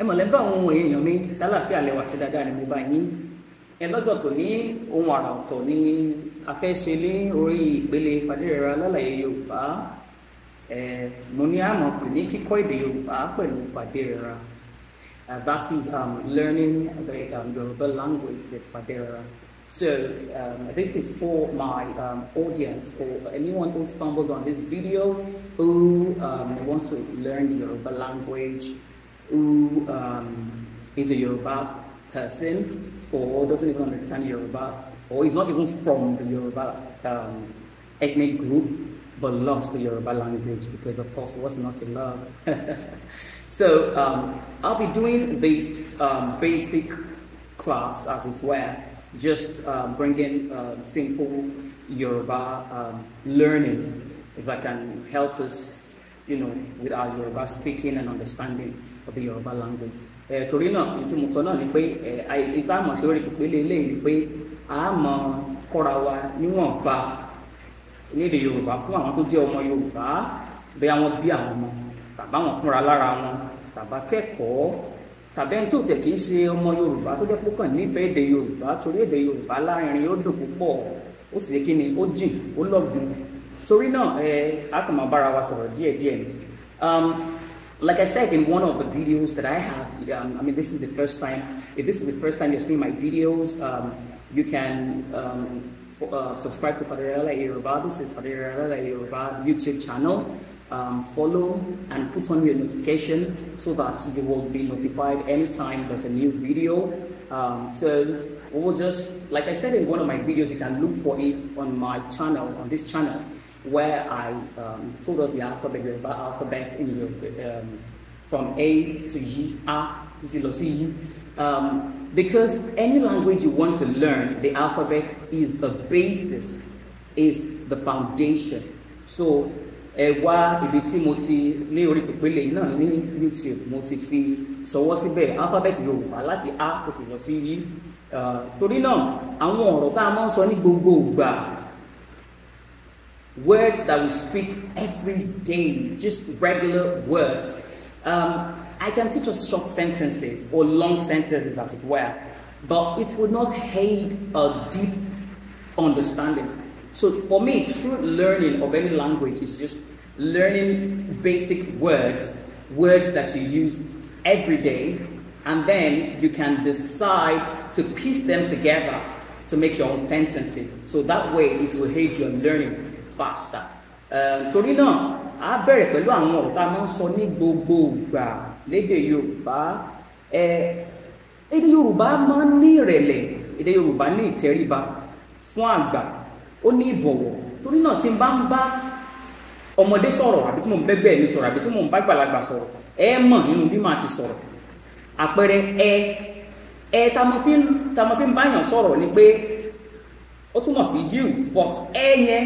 ẹ mọ̀ lẹ́bàá àwọn èèyàn mi sálàáfíà lẹ́wà sí dáadáa ni mo bá yín ẹ lọ́jọ́ tó ní ohun àrà ọ̀tọ̀ ni a fẹ́ ṣe ní orí ìpele Fadérẹra lálàyé Yorùbá ẹ mo ní àmọ̀ pè ní kíkọ́ èdè Yorùbá pẹ̀lú Fadérẹra uh, that is um, learning the um, Yoruba language with Fadérẹra so um, this is for my um, audience or anyone who stumbles on this video who um, wants to learn the Yoruba language who um, is a Yoruba person or doesn't even understand Yoruba or is not even from the Yoruba um, ethnic group but loves the Yoruba language because, of course, what's not to love? so um, I'll be doing this um, basic class, as it were, just uh, bringing uh, simple Yoruba learning that can help us, you know, with our Yoruba speaking and understanding. of the Yorùbá language eh, torí náà tí mo sọ náà ni pé ìta àmọ̀ ṣe orí pípélé eléyìí ni pé a mọ̀ kọ́ra wa níwọ̀nba nídìí Yorùbá fún àwọn tó jẹ́ ọmọ Yorùbá bẹ́ẹ̀ àwọn bí àwọn ọmọ tàbá wọn fúnra lára wọn tàbá kẹ́kọ̀ọ́ tàbí tó tẹ̀ kí í ṣe ọmọ yorùbá tó jẹ́ púpọ̀ nífẹ̀ẹ́ èdè yorùbá torí èdè yorùbá láàrin ó dùn púpọ̀ ó sì kí ni ó jìn ó lọ́gbìn torí náà ẹ eh, á kàn máa bára wa sọ̀rọ̀ díẹ̀díẹ̀ ni. Um, Like I said in one of the videos that I have, um, I mean, this is the first time, if this is the first time you're seeing my videos, um, you can um, uh, subscribe to Federella Yoruba. This is Federella Yoruba YouTube channel. Um, follow and put on your notification so that you will be notified anytime there's a new video. Um, so we will just, like I said in one of my videos, you can look for it on my channel, on this channel where I um, told us the alphabet, Yoruba alphabet in um, from A to G, A to Zilosi, um, because any language you want to learn, the alphabet is a basis, is the foundation. So, ẹ̀wá Ibiti, tí ní orí pèpele yìí náà ní YouTube mo So what's the síbẹ̀ alphabet Yorùbá láti A to fi lọ sí yí. Uh, torí náà àwọn ọ̀rọ̀ a words that we speak every day, just regular words. Um, I can teach us short sentences or long sentences, as it were, but it would not aid a deep understanding. So, for me, true learning of any language is just learning basic words, words that you use every day, and then you can decide to piece them together to make your own sentences. So that way, it will aid your learning. faster ehm, torí náà a bẹ̀rẹ̀ pẹ̀lú àwọn ọ̀rọ̀ tá a máa ń sọ ní gbogbo ìgbà lédè yorùbá ehm, èdè yorùbá máa ń ní ìrẹ̀lẹ̀ èdè yorùbá ní ìtẹríba fún àgbà ó ní ìbọ̀wọ̀ torí náà tí n bá ń bá ọmọdé sọ̀rọ̀ àbí tí mò ń bẹ́gbẹ́ mi sọ̀rọ̀ àbí tí mò ń bá gbàlagbà sọ̀rọ̀ ẹ mọ̀ nínú bí màá ti sọ̀rọ̀ àpẹẹrẹ ẹ ẹ tá mo fi ń báyàn sọ̀rọ̀ ni pé ó túmọ̀ sí you but ẹ yẹn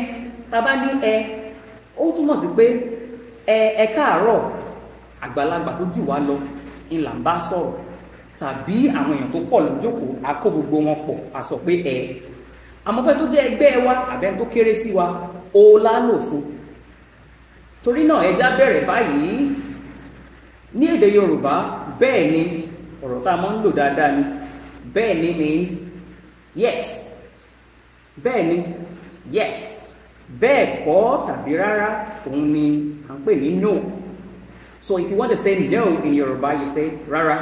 tá a bá ní ẹ ó túmọ̀ sí pé ẹ ẹ káàárọ̀ àgbàlagbà tó jù wá lọ ńlá ń bá sọ̀rọ̀ tàbí àwọn èèyàn tó pọ̀ lójókòó a gbogbo wọn pọ̀ a pé ẹ àmọ́ tó jẹ́ ẹgbẹ́ wa àbẹ́ tó kéré sí wa ó lálò fún torí náà ẹja bẹ̀rẹ̀ báyìí ní èdè Yorùbá bẹ́ẹ̀ ni ọ̀rọ̀ tá a máa ń lò dáadáa ni bẹ́ẹ̀ ni means yes bẹ́ẹ̀ ni yes bẹ́ẹ̀ kọ́ tàbí rárá òun ni à ń pè ní no so if you want to say no in Yoruba you say rárá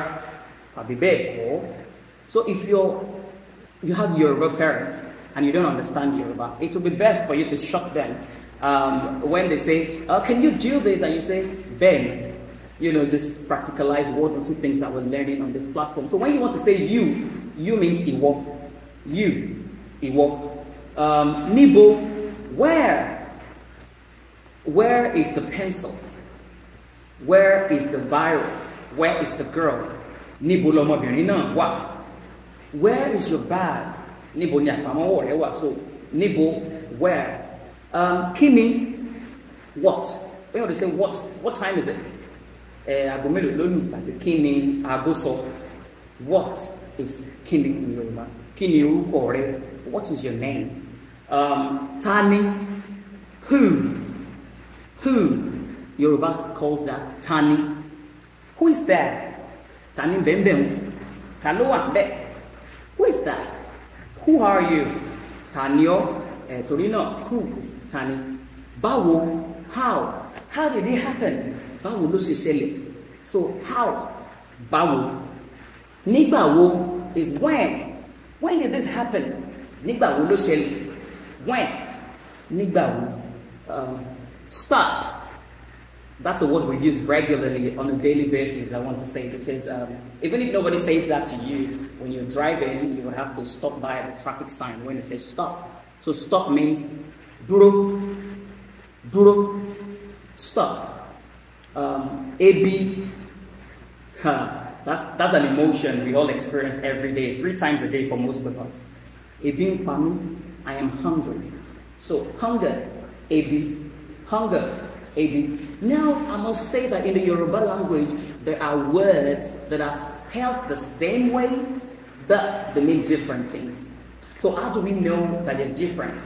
tàbí bẹ́ẹ̀ kọ́ so if you you have Yoruba parents and you don't understand Yoruba it will be best for you to shock them um, when they say uh, can you do this and you say Ben, you know, just practicalize one or two things that we're learning on this platform. So when you want to say you, you means iwo. You, iwo. Um, nibo Where? Where is the pencil? Where is the viral? Where is the girl? Níbo lọmọbìnrin náà wà? Where is your bag? Níbo ni àpamọ́wọ́ rẹ wà? So níbo where? Um, what? ni what? We say what? What time is it? Aago mélòó lónìí tàbí kí ni sọ? What is kí ni Yorùbá? Kí ni orúkọ rẹ? What is your name? Um, turning, who? Who? Yoruba calls that tani. Who is there? Tani bembem. Taloa be. Who is that? Who are you? Tanio. Eh, Torino. Who is tani? Báwo. How? How did it happen? Báwo Lucy Shelley. So how? Báwo. Nígbàwo is when. When did this happen? Nígbàwo Lucy Shelley. When? Nigbawo. Um, stop. That's a word we use regularly on a daily basis, I want to say, because um, even if nobody says that to you, when you're driving, you will have to stop by the a traffic sign when it says stop. So stop means duro, duro, stop. Um, AB, that's, that's an emotion we all experience every day, three times a day for most of us. a b ń I am hungry. So hunger, a b, Hunger, a b. Now I must say that in the Yoruba language, there are words that are spelled the same way, but they mean different things. So how do we know that they're different?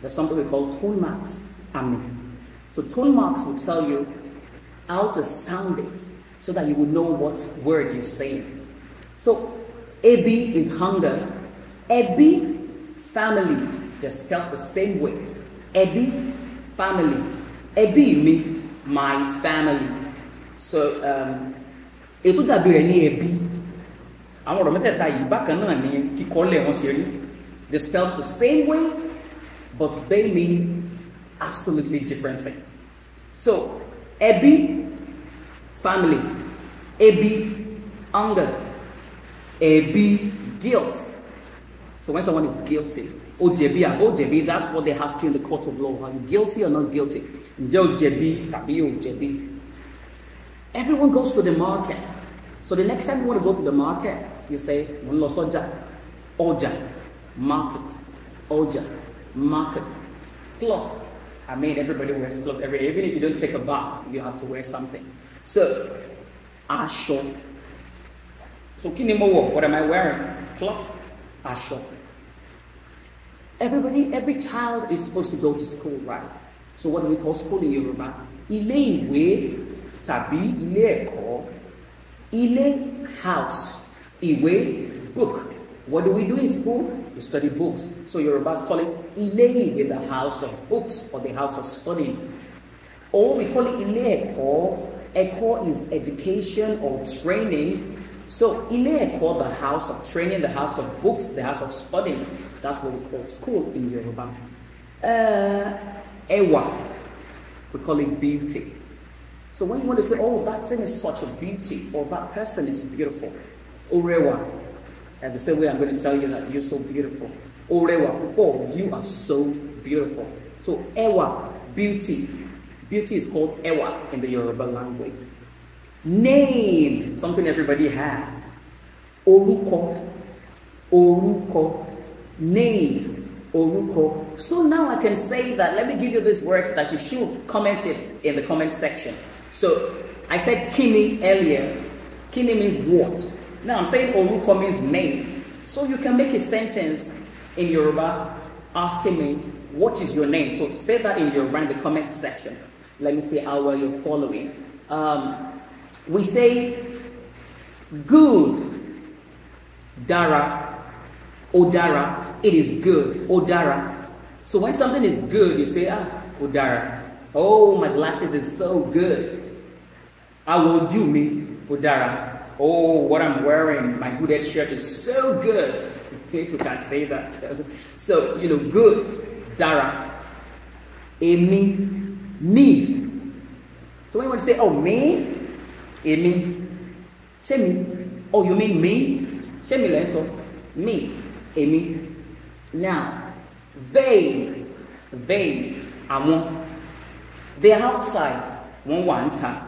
There's something we call tone marks and So tone marks will tell you how to sound it so that you will know what word you're saying. So a b is hunger. a b, family, they're spelled the same way. Ebi, family. Ebi me, my family. So, um, ètò dàbí rẹ̀ ní ẹbí. Àwọn ọ̀rọ̀ mẹ́tẹ̀ẹ̀ta yìí bákan náà ni kíkọ́lẹ̀ wọn ṣe rí. They spelled the same way, but they mean absolutely different things. So, ẹbí, family. Ẹbí, anger. Ẹbí, guilt. So when someone is guilty, ó jẹ̀bi jẹ̀bi that's what they ask you in the court of law are you guilty or not guilty ǹjẹ́ o everyone goes to the market so the next time you want to go to the market you say mo ọjà market ọjà market cloth I mean everybody wears cloth every day even if you don't take a bath you have to wear something so aṣọ so kí mo what am I wearing cloth aṣọ. Everybody, every child is supposed to go to school, right? So what do we call school in Yoruba? Ilé ìwé tàbí ilé ẹ̀kọ́. Ilé house. Ìwé book. What do we do in school? We study books. So Yorubas call it ilé ìwé, the house of books or the house of study. Or we call it ilé ẹ̀kọ́. Ẹ̀kọ́ is education or training so in there called the house of training, the house of books, the house of studying. That's what we call school in Yoruba. Uh, Ewa, we call it beauty. So when you want to say, oh, that thing is such a beauty, or that person is beautiful, Orewa. And the same way I'm going to tell you that you're so beautiful. Orewa, oh, you are so beautiful. So Ewa, beauty. Beauty is called Ewa in the Yoruba language. Name, something everybody has. Oruko, Oruko, name, Oruko. So now I can say that, let me give you this word that you should comment it in the comment section. So I said kini earlier. Kini means what? Now I'm saying Oruko means name. So you can make a sentence in Yoruba asking me, what is your name? So say that in Yoruba in the comment section. Let me see how well you're following. Um, we say good dara odara it is good odara so when something is good you say ah odara oh my glasses is so good i will do me odara oh what i'm wearing my hooded shirt is so good if you can say that so you know good dara emi me so when you want to say oh me Amy, say me. oh you mean me Say me lẹ́ sọ me Amy. now they they àwọn they are outside one one time.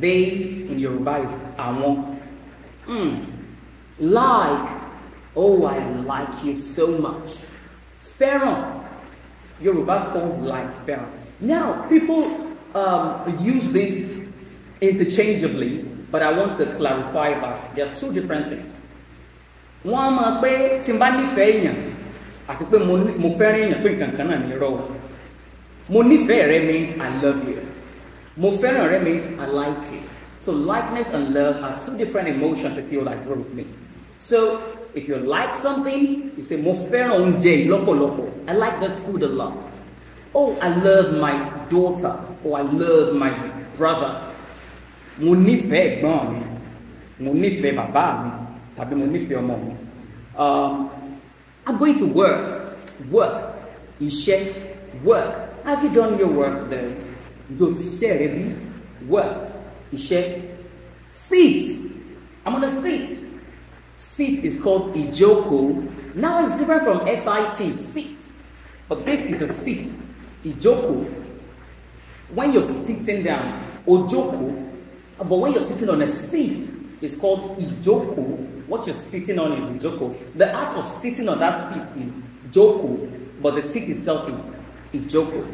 they in Yorùbá is àwọn mm. like oh I like you so much Pharaoh. Yorùbá calls like Pharaoh. now people um, use this interchangeably, but I want to clarify that there are two different things. Wọ́n á máa pé tí n bá nífẹ̀ẹ́ èèyàn àti pé mo fẹ́ràn èèyàn pé nǹkan kan náà ní rọ. Mo nífẹ̀ẹ́ rẹ means I love you. Mo fẹ́ràn rẹ means I like you. So likeness and love are two different emotions if you like with me. So if you like something, you say mo fẹ́ràn oúnjẹ yìí lọ́pọ̀lọpọ̀. I like this food a lot. Oh, I love my daughter. oh, I love my brother. mo nífẹ̀ẹ́ ẹ̀gbọ́n mi mo nífẹ̀ẹ́ bàbá mi tàbí mo nífẹ̀ẹ́ ọmọ mi um, i'm going to work work iṣẹ́ work have you done your work then ǹjẹ́ o ti ṣiṣẹ́ rẹ bí work iṣẹ́ sit i'm gonna sit sit is called ijoko. now it's different from sit sit but this is a sit Ijoko. when you're sitting down ojoko. But when you're sitting on a seat, it's called ijoko. What you're sitting on is ijoko. The act of sitting on that seat is joko, but the seat itself is ijoko.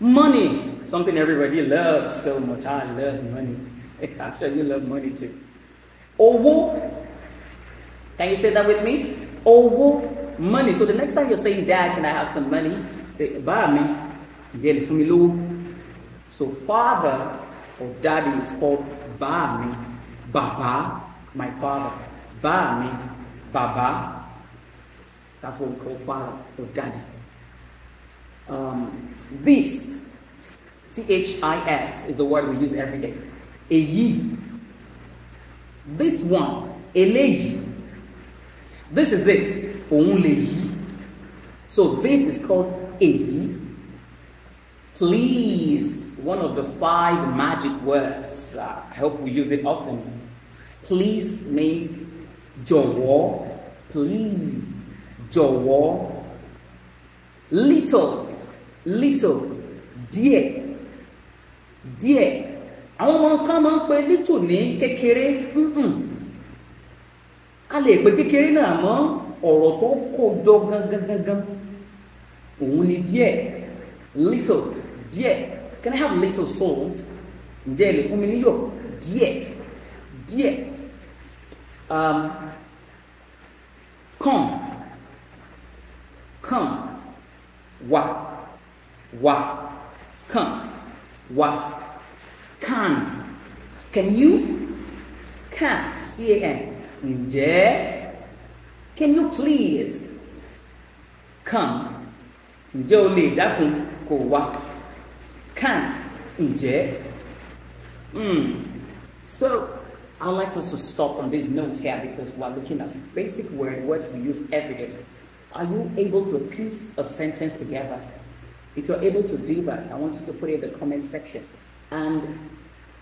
Money, something everybody loves so much. I love money. I'm sure you love money too. Owo. Can you say that with me? Owo, money. So the next time you're saying, Dad, can I have some money? Say, buy me. So, Father, or daddy is called Bami, Baba, my father. Bami, Baba. That's what we call father or daddy. Um, this, T H I S, is the word we use every day. Eyi. This one, Alegi. This is it. Onleyi. So this is called eyi. Please one of the five magic words. Uh, I hope we use it often. Please means jọ̀wọ́. Please, jọ̀wọ́. Little, little, dear, dear. Àwọn ọmọ kan máa ń pe little ní kékeré. A lè pe kékeré náà mọ́ ọ̀rọ̀ tó kó jọ gangan gangan. Òun ni díẹ̀, little, díẹ̀ can I have a little salt ǹjẹ́ ẹ lè fún mi níyọ̀ díẹ̀ um, come come wa, wa, come wa, can can you can c a n? ǹjẹ́ can you please come ǹjẹ́ o lè dákun kó wá. can inject. Mm. mm. So I'd like us to stop on this note here because we're looking at basic word, words we use every day. Are you able to piece a sentence together? If you're able to do that, I want you to put it in the comment section. And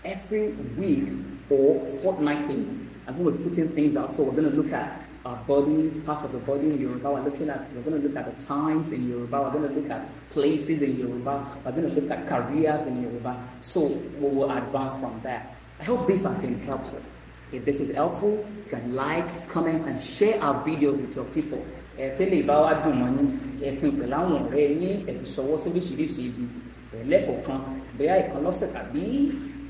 every week or fortnightly, I'm going to be putting things out. So we're going to look at body, part of the body in Yoruba. We're looking at, we're going to look at the times in Yoruba. We're going to look at places in Yoruba. We're going to look at careers in Yoruba. So we will advance from there. I hope this has been helpful. If this is helpful, you can like, comment, and share our videos with your people. ìbá wa dùn mọ́ ní ẹ̀pin pẹ̀lú àwọn ọ̀rẹ́ yín bẹ́ẹ̀ ẹ̀kan lọ́sẹ̀ tàbí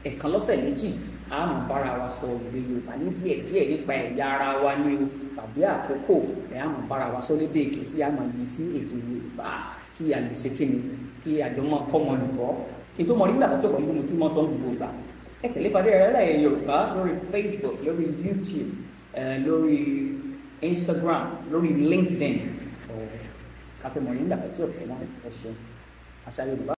ẹ̀kan lọ́sẹ̀ méjì a mọ̀ bára wa sọ èdè yorùbá ní díẹ̀ díẹ̀ nípa ẹ̀yà ara wa ni o tàbí àkókò ẹ̀ a mọ̀ bára wa sọ lédè Gẹ̀ẹ́sì a mọ̀ yí sí èdè yorùbá kí a kíni kí àjọ mọ̀ kọ́ kí n tó mọ̀ nígbà tó kọ̀ nínú mo ti mọ̀ sọ gbogbo gbà ẹ tẹ̀lé fàdé ẹ̀rẹ́ yorùbá lórí Facebook lórí YouTube lórí Instagram lórí LinkedIn kàtó mọ̀ nígbà tó kọ̀ mọ̀ ẹ̀ ṣe àṣà yorùbá.